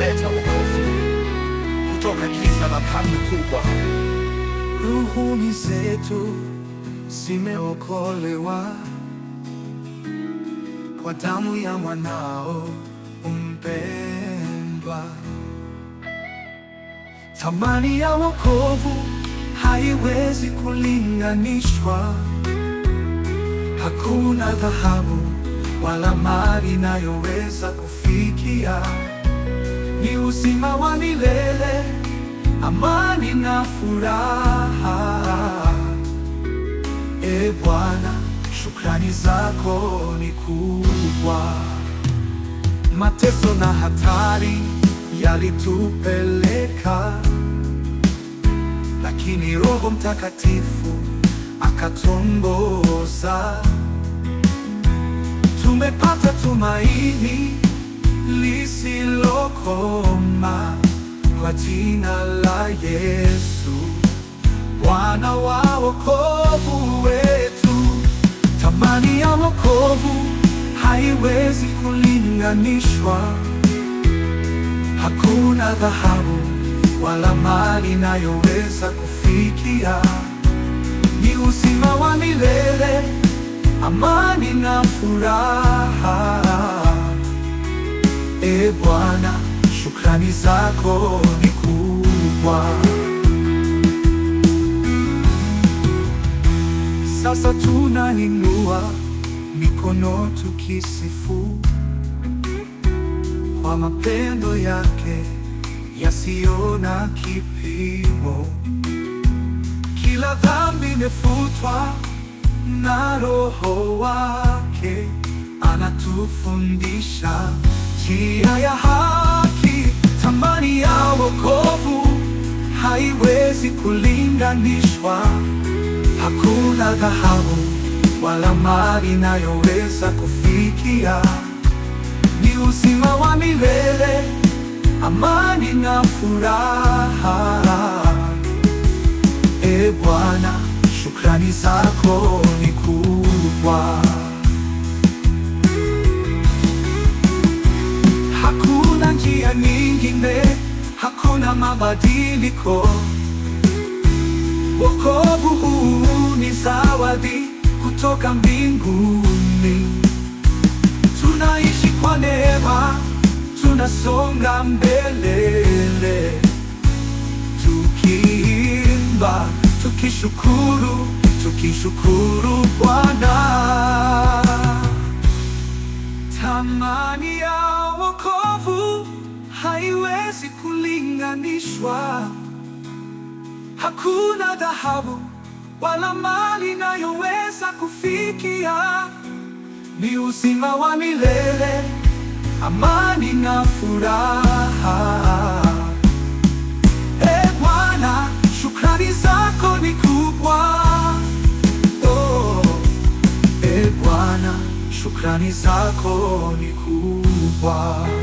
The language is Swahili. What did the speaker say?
kuleta wokovu kutoka kisa na karne kubwa. Ruhuni zetu zimeokolewa kwa damu ya mwanao umpendwa. Thamani ya wokovu haiwezi kulinganishwa. Hakuna dhahabu wala mali inayoweza kufikia ni uzima wa milele, amani na furaha. E Bwana, shukrani zako ni kubwa. Mateso na hatari yalitupeleka, lakini Roho Mtakatifu akatongoza. Tumepata tumaini lisilokoma kwa jina la Yesu, Bwana wa wokovu wetu. Thamani ya wokovu haiwezi kulinganishwa, hakuna dhahabu wala mali inayoweza kufikia. Ni uzima wa milele, amani na furaha Ee Bwana, shukrani zako ni kubwa. Sasa tunainua mikono tukisifu kwa mapendo yake yasiyo na kipimo. Kila dhambi imefutwa na Roho wake, anatufundisha Njia ya haki, thamani ya wokovu haiwezi kulinganishwa. Hakuna dhahabu wala mali inayoweza kufikia. Ni uzima wa milele, amani na furaha. E Bwana, shukrani zako ni kubwa. mwingine hakuna mabadiliko. Wokovu huu ni zawadi kutoka mbinguni. Tunaishi kwa neema, tunasonga mbele, tukiimba, tukishukuru, tukishukuru Bwana. Tamani ya imetenganishwa. Hakuna dhahabu wala mali inayoweza kufikia. Ni uzima wa milele, amani na furaha. E Bwana, shukrani zako ni kubwa. Oh, e Bwana, shukrani zako ni kubwa.